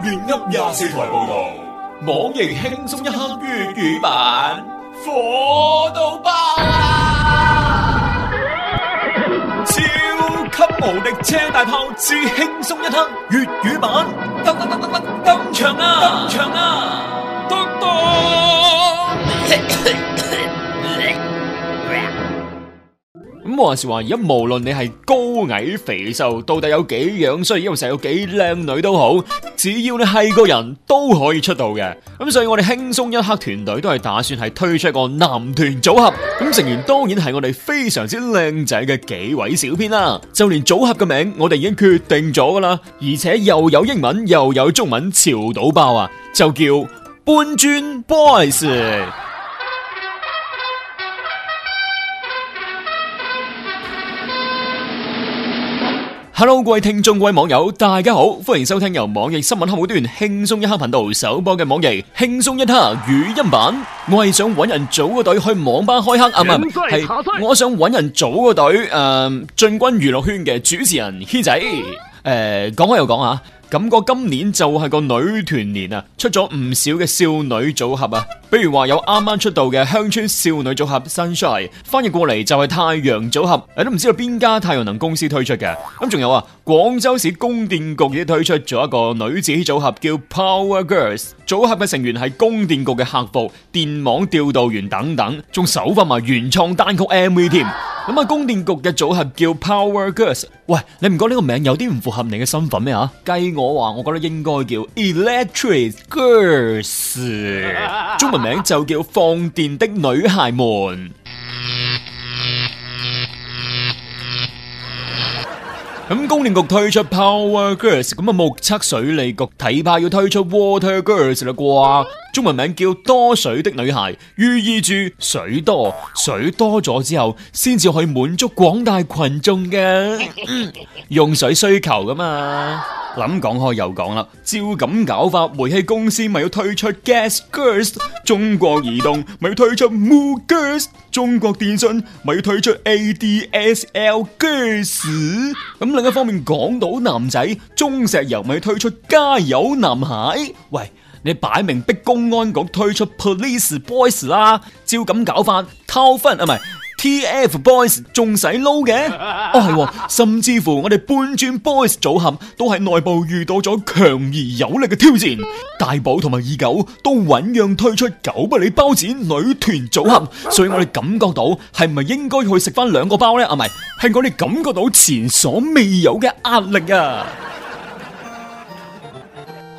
亂噏廿四台報道，網易輕鬆一刻粵語版火到爆啊！超級無敵車大炮之輕鬆一刻粵語版登登登登登登場啊！登場啊！登登！登還是話而家無論你係高矮肥瘦，到底有幾樣衰，因為成有幾靚女都好，只要你係個人都可以出道嘅。咁所以我哋輕鬆一刻團隊都係打算係推出一個男團組合。咁成員當然係我哋非常之靚仔嘅幾位小編啦。就連組合嘅名我哋已經決定咗噶啦，而且又有英文又有中文潮到爆啊，就叫搬磚 boys。Hello，各位聽眾，各位網友，大家好，歡迎收聽由網易新聞客戶端輕鬆一刻頻道首播嘅網易輕鬆一刻語音版。我係想搵人組個隊去網吧開黑啊，唔係，係我想搵人組個隊誒，呃、進軍娛樂圈嘅主持人軒仔，誒、呃，講開又講啊。感覺今年就係個女團年啊，出咗唔少嘅少女組合啊，比如話有啱啱出道嘅鄉村少女組合 Sunshine，翻譯過嚟就係太陽組合，你都唔知道邊家太陽能公司推出嘅。咁仲有啊，廣州市供電局亦都推出咗一個女子組合叫 Power Girls，組合嘅成員係供電局嘅客服、電網調度員等等，仲首發埋原創單曲 MV 添。咁啊，供電局嘅組合叫 Power Girls，喂，你唔覺得呢個名有啲唔符合你嘅身份咩啊？雞？我話我覺得應該叫 Electric Girls，中文名就叫放電的女孩們。咁供電局推出 Power Girls，咁啊，目測水利局睇怕要推出 Water Girls 啦啩。中文名叫多水的女孩，寓意住水多，水多咗之後，先至可以滿足廣大群眾嘅用水需求噶嘛。諗講開又講啦，照咁搞法，煤氣公司咪要推出 Gas Girls，中國移動咪要推出 Mo Girls，中國電信咪要推出 ADSL Girls。咁另一方面，講到男仔，中石油咪要推出加油男孩，喂！你擺明逼公安局推出 Police Boys 啦，照咁搞法，偷分啊唔係 TF Boys 仲使撈嘅？啊係、哦，甚至乎我哋搬磚 boys 組合都喺內部遇到咗強而有力嘅挑戰，嗯、大寶同埋二狗都醞釀推出狗不理包子女團組合，所以我哋感覺到係唔係應該去食翻兩個包咧？啊唔係，係我哋感覺到前所未有嘅壓力啊！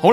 好啦，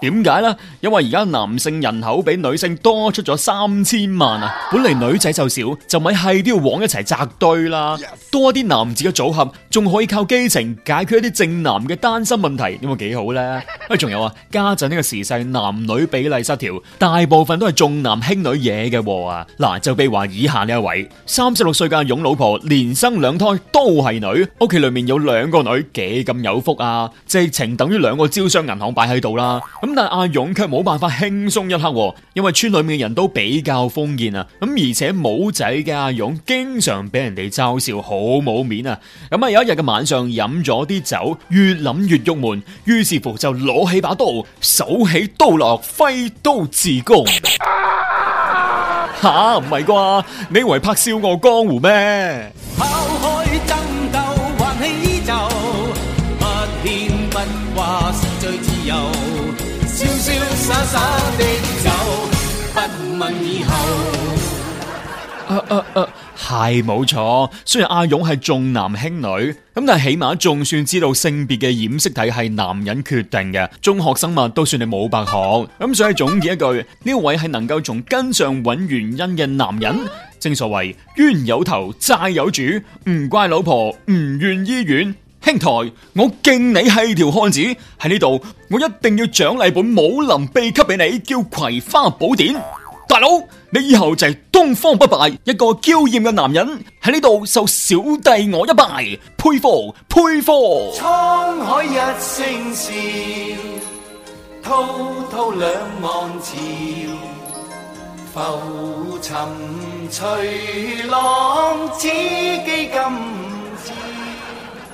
點解呢？因為而家男性人口比女性多出咗三千萬啊！本嚟女仔就少，就咪係都要往一齊紮堆啦。多啲男子嘅組合，仲可以靠基情解決一啲正男嘅單身問題，有冇幾好呢？喂，仲有啊，家陣呢個時勢男女比例失調，大部分都係重男輕女惹嘅、啊。啊，嗱，就比如話以下呢一位三十六歲嘅勇老婆，連生兩胎都係女，屋企裏面有兩個女，幾咁有福啊？直情等於兩個招商銀行擺喺度啦。咁但阿勇卻冇辦法輕鬆一刻，啊，因為村裏面嘅人都比較封建啊。咁而且冇仔嘅阿勇經常俾人哋嘲笑，好冇面啊。咁、嗯、啊有一日嘅晚上，飲咗啲酒，越諗越鬱悶，於是乎就攞起把刀，手起刀落，揮刀自宮。吓，啊，唔係啩？你以為拍笑我江湖咩？拋開爭鬥，挽起衣袖，不牽不掛，是最自由。瀟瀟灑灑走，不問以後，係冇錯。雖然阿勇係重男輕女，咁但係起碼仲算知道性別嘅染色體係男人決定嘅。中學生物都算你冇白學。咁所以總結一句，呢位係能夠從根上揾原因嘅男人。正所謂冤有頭，債有主，唔怪老婆，唔怨醫院。兄台，我敬你係條漢子，喺呢度我一定要獎勵本武林秘笈俾你，叫《葵花寶典》。大佬，你以後就係東方不敗，一個嬌艷嘅男人，喺呢度受小弟我一拜，佩服佩服。滄海一聲笑，滔滔兩岸潮，浮沉隨浪，此際咁。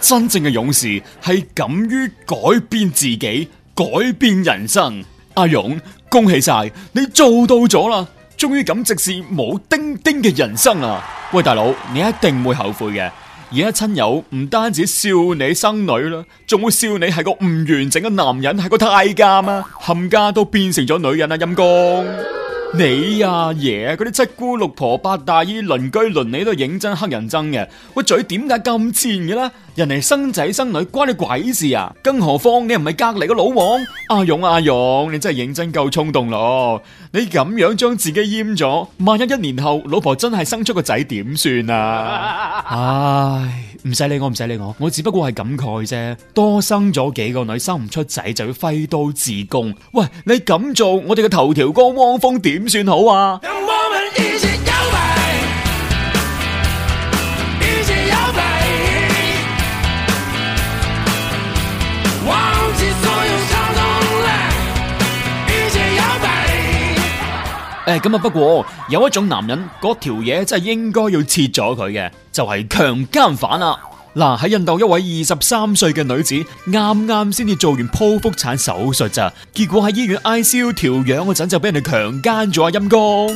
真正嘅勇士係敢於改變自己、改變人生。阿勇，恭喜晒你做到咗啦！終於敢直視冇丁丁嘅人生啊！喂，大佬，你一定會後悔嘅。而家親友唔單止笑你生女啦，仲會笑你係個唔完整嘅男人，係個太監啊！冚家都變成咗女人陰 啊！陰公，你阿爺嗰啲七姑六婆八大姨鄰居鄰里都係認真黑人憎嘅。喂，嘴點解咁賤嘅啦？人哋生仔生女關你鬼事啊！更何況你唔係隔籬個老王？阿勇阿勇，你真係認真夠衝動咯！你咁樣將自己閹咗，萬一一年後老婆真係生出個仔點算啊？ 唉，唔使理我，唔使理我，我只不過係感慨啫。多生咗幾個女，生唔出仔就要揮刀自宮。喂，你咁做，我哋嘅頭條哥汪峰點算好啊？咁啊！不過有一種男人嗰條嘢真係應該要切咗佢嘅，就係強姦犯啦。嗱，喺印度一位二十三歲嘅女子啱啱先至做完剖腹產手術咋，結果喺醫院 I C U 調養嗰陣就俾人哋強奸咗啊陰公！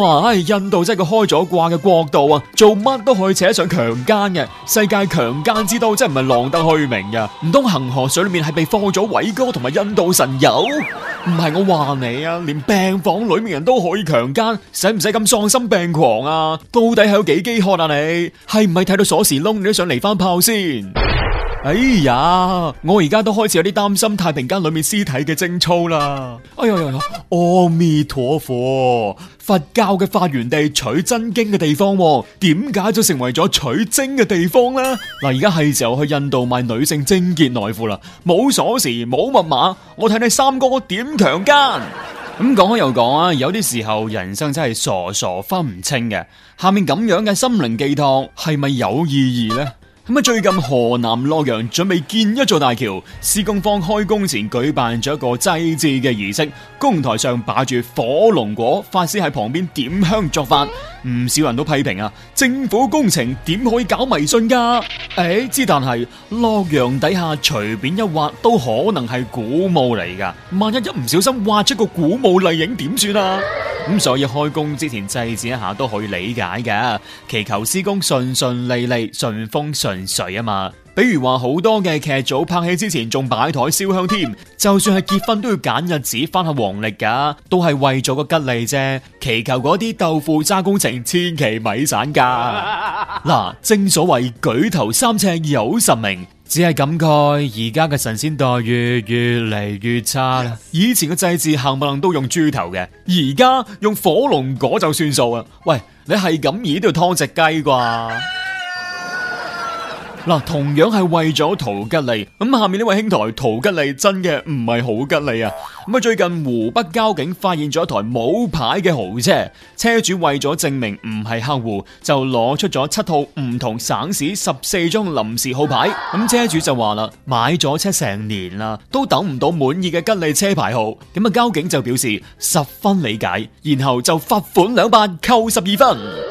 哇，喺印度真係個開咗掛嘅國度啊，做乜都可以扯上強奸嘅，世界強奸之都真係唔係浪得虛名噶。唔通恒河水裏面係被放咗偉哥同埋印度神油？唔係我話你啊，連病房裏面人都可以強奸，使唔使咁喪心病狂啊？到底係有幾飢渴啊你？係唔係睇到鎖匙窿你都想嚟翻？炮先，哎呀，我而家都開始有啲擔心太平間裏面屍體嘅貞操啦，哎哎。哎呀呀阿彌陀佛，佛教嘅發源地取真經嘅地方，哦，點解就成為咗取精嘅地方呢？嗱，而家係時候去印度買女性貞潔內褲啦，冇鎖匙，冇密碼，我睇你三哥點強姦？咁講，嗯，開又講啊，有啲時候人生真係傻傻分唔清嘅。下面咁樣嘅心靈寄託係咪有意義呢？咁最近河南洛陽準備建一座大橋，施工方開工前舉辦咗一個祭祀嘅儀式，工台上擺住火龍果，法師喺旁邊點香作法。唔少人都批評啊，政府工程點可以搞迷信㗎？水啊嘛，比如話好多嘅劇組拍戲之前仲擺台燒香添，就算係結婚都要揀日子，翻下黃歷噶，都係為咗個吉利啫，祈求嗰啲豆腐渣工程千祈咪散架。嗱、 啊，正所謂舉頭三尺有神明，只係感慨而家嘅神仙待遇越嚟越,越差啦。 以前嘅祭祀冚唪唥都用豬頭嘅，而家用火龍果就算數啦。喂，你係咁咦都劏隻雞啩？ 同樣係為咗圖吉利，咁下面呢位兄台圖吉利真嘅唔係好吉利啊！咁啊，最近湖北交警發現咗一台冇牌嘅豪車，車主為咗證明唔係客戶，就攞出咗七套唔同省市十四張臨時號牌。咁車主就話啦，買咗車成年啦，都等唔到滿意嘅吉利車牌號。咁啊，交警就表示十分理解，然後就罰款兩百，扣十二分。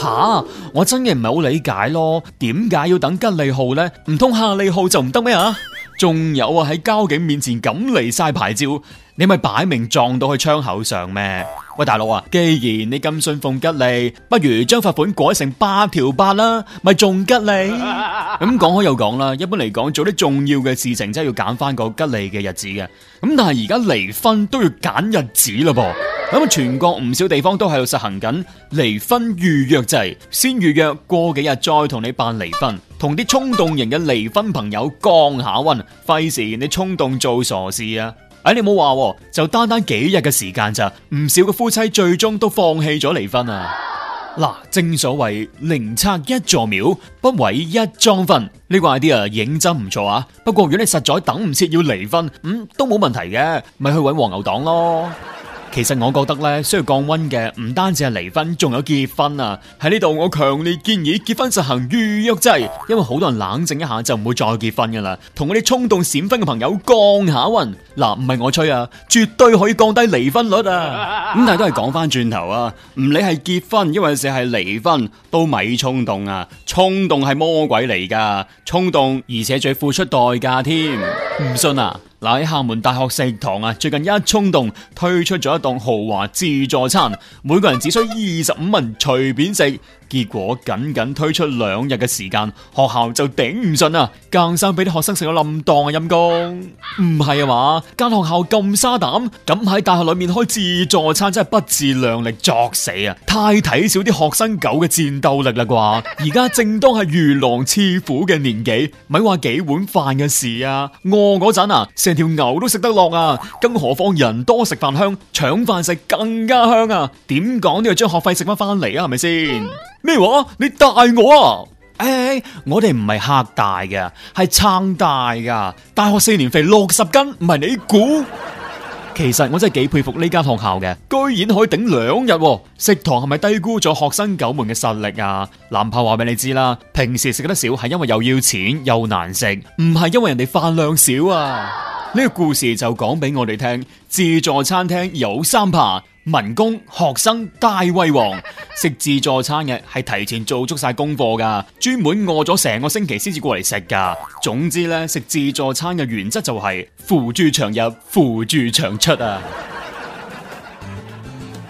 吓！我真嘅唔係好理解咯，點解要等吉利號呢？唔通夏利號就唔得咩啊？仲有啊，喺交警面前咁嚟晒牌照，你咪擺明撞到佢窗口上咩？喂，大佬啊，既然你咁信奉吉利，不如將罰款改成八條八啦，咪仲吉利？咁講開又講啦，一般嚟講做啲重要嘅事情真係要揀翻個吉利嘅日子嘅。咁但係而家離婚都要揀日子啦噃。咯。咁全國唔少地方都喺度實行緊離婚預約制，先預約過幾日再同你辦離婚，同啲衝動型嘅離婚朋友降下溫，費事你衝動做傻事啊！哎，你唔好話，就單單幾日嘅時間咋？唔少嘅夫妻最終都放棄咗離婚啊！嗱、啊，正所謂寧拆一座廟，不毀一樁婚。呢、這個 idea 認真唔錯啊！不過如果你實在等唔切要離婚，咁、嗯、都冇問題嘅，咪去搵黃牛黨咯。其實我覺得咧需要降温嘅唔單止係離婚，仲有結婚啊！喺呢度我強烈建議結婚實行預約制，因為好多人冷靜一下就唔會再結婚噶啦。同我啲衝動閃婚嘅朋友降下温嗱，唔係我吹啊，絕對可以降低離婚率啊！咁但係都係講翻轉頭啊，唔理係結婚，因為事係離婚都咪衝動啊！衝動係魔鬼嚟噶，衝動而且仲要付出代價添，唔信啊！嗱，喺廈門大學食堂啊，最近一衝動推出咗一檔豪華自助餐，每個人只需二十五蚊，隨便食。結果僅僅推出兩日嘅時間，學校就頂唔順啦，更生俾啲學生食咗冧檔嘅陰功，唔係啊嘛？間學校咁沙膽，咁喺大學裏面開自助餐真係不自量力，作死啊！太睇少啲學生狗嘅戰鬥力啦啩？而家正當係如狼似虎嘅年紀，咪話幾碗飯嘅事啊？餓嗰陣啊，成條牛都食得落啊，更何況人多食飯香，搶飯食更加香啊？點講都要將學費食翻翻嚟啊？係咪先？咩話？你大我啊！誒、欸，我哋唔係吓大嘅，係撐大噶。大學四年肥六十斤，唔係你估。 其實我真係幾佩服呢間學校嘅，居然可以頂兩日。食堂係咪低估咗學生九門嘅實力啊？南炮話俾你知啦，平時食得少係因為又要錢又難食，唔係因為人哋飯量少啊。呢 個故事就講俾我哋聽，自助餐廳有三怕。民工、學生、大胃王，食自助餐嘅係提前做足晒功課噶專門餓咗成個星期先至過嚟食噶總之呢，食自助餐嘅原則就係、是、扶住長入，扶住長出啊。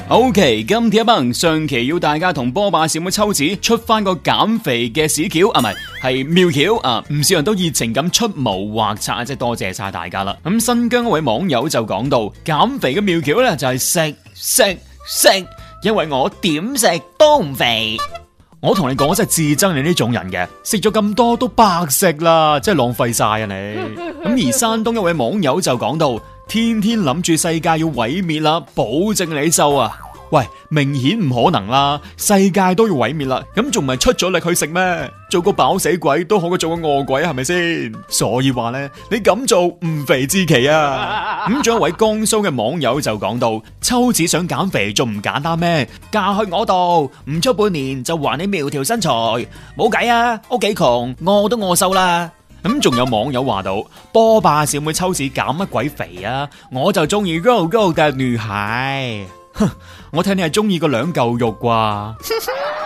OK，今天一班，上期要大家同波霸小妹秋子出翻個減肥嘅屎橋啊，唔係，係妙橋啊，唔少人都熱情咁出謀劃策啊，即係多謝晒大家啦。咁新疆一位網友就講到減肥嘅妙橋呢，就係、是、食。食食，因為我點食都唔肥。我同你講，我真係至憎你呢種人嘅，食咗咁多都白食啦，真係浪費晒啊你。咁 而山東一位網友就講到：天天諗住世界要毀滅啦，保證你瘦啊。喂，明顯唔可能啦，世界都要毀滅啦，咁仲唔係出咗力去食咩？做個飽死鬼都好過做個餓鬼，係咪先？所以話呢，你咁做唔肥之奇啊！咁仲有一位江蘇嘅網友就講到：秋子想減肥仲唔簡單咩？嫁去我度，唔出半年就還你苗條身材，冇計啊！屋企窮，餓都餓瘦啦。咁仲有網友話到：波霸小妹秋子減乜鬼肥啊？我就中意 g 哼， 我睇你係中意個兩嚿肉啩。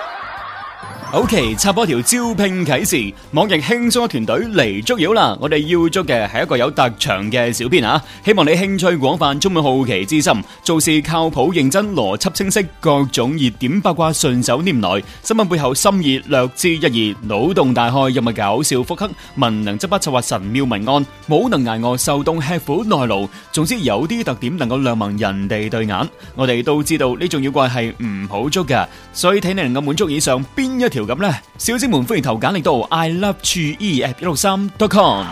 OK，插播條招聘啟事，網易輕鬆團隊嚟捉妖啦！我哋要捉嘅係一個有特長嘅小編啊，希望你興趣廣泛，充滿好奇之心，做事靠譜認真，邏輯清晰，各種熱點八卦順手拈來，新聞背後深意略知一二，腦洞大開又咪搞笑腹黑，文能執筆策劃神妙文案，武能捱餓受凍吃苦耐勞，總之有啲特點能夠亮盲人哋對眼。我哋都知道呢種妖怪係唔好捉嘅，所以睇你能夠滿足以上邊一條。咁咧，小姐們歡迎投簡歷到。i love u E EF 163 dot com。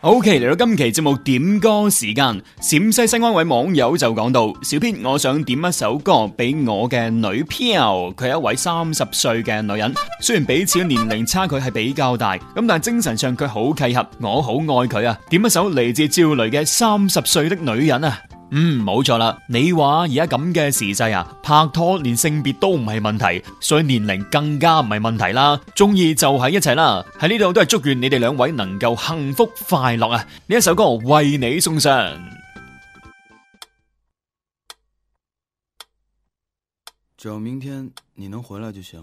OK 嚟到今期節目點歌時間，陝西西安位網友就講到，小編我想點一首歌俾我嘅女票，佢係一位三十歲嘅女人，雖然彼此嘅年齡差距係比較大，咁但係精神上佢好契合，我好愛佢啊！點一首嚟自趙雷嘅《三十歲的女人》啊！嗯，冇錯啦。你話而家咁嘅時勢啊，拍拖連性別都唔係問題，所以年齡更加唔係問題啦。中意就喺一齊啦。喺呢度都係祝願你哋兩位能夠幸福快樂啊！呢一首歌為你送上。只要明天你能回來就行。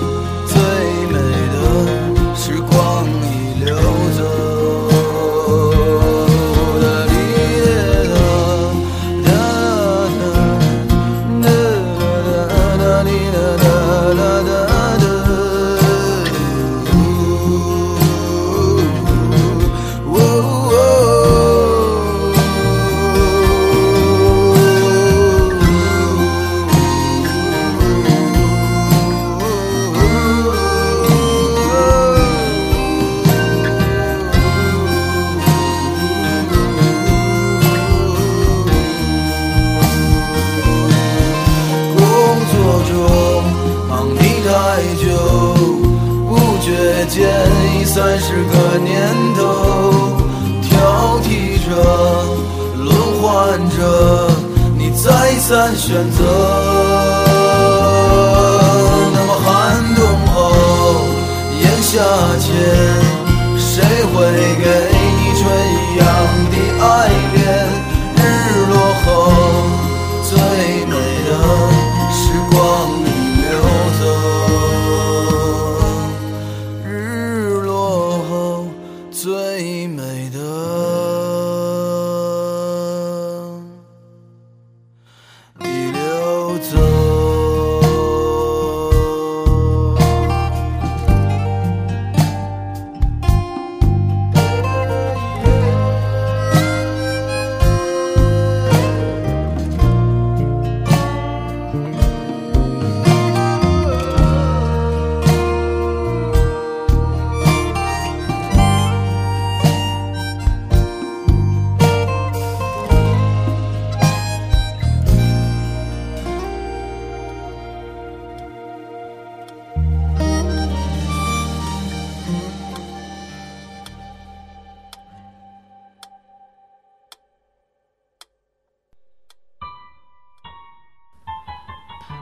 但選擇。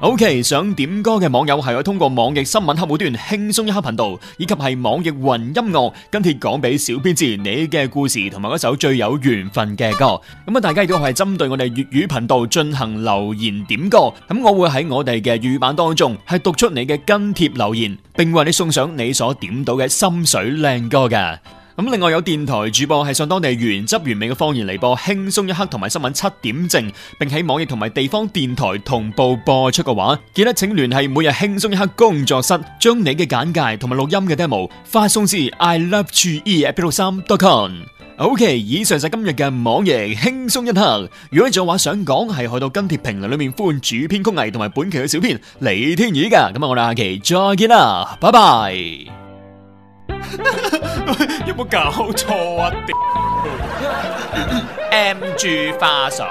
O K，想點歌嘅網友係可以通過網易新聞客戶端輕鬆一刻頻道，以及係網易雲音樂跟帖講俾小編知你嘅故事同埋嗰首最有緣分嘅歌。咁啊，大家亦都係針對我哋粵語頻道進行留言點歌。咁我會喺我哋嘅語版當中係讀出你嘅跟帖留言，並為你送上你所點到嘅心水靚歌嘅。咁另外有電台主播係上當地原汁原味嘅方言嚟播輕鬆一刻同埋新聞七點正，並喺網易同埋地方電台同步播出嘅話，記得請聯繫每日輕鬆一刻工作室，將你嘅簡介同埋錄音嘅 demo 發送至 i love geapple3.com。OK，以上就係今日嘅網易輕鬆一刻。如果你仲有話想講，係去到跟帖評論裏面，歡迎主編曲藝同埋本期嘅小編李天宇噶。咁啊，我哋下期再見啦，拜拜。 有冇搞錯啊？點 M G 花水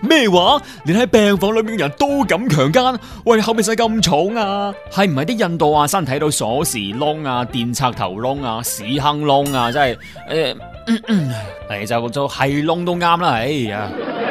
咩話？連喺病房裏面嘅人都敢強姦？喂，你後邊使咁重啊？係唔係啲印度阿山睇到鎖匙窿啊、電插頭窿啊、屎坑窿啊？真係誒，嚟、呃嗯嗯嗯嗯、就做係窿都啱啦！哎呀～、啊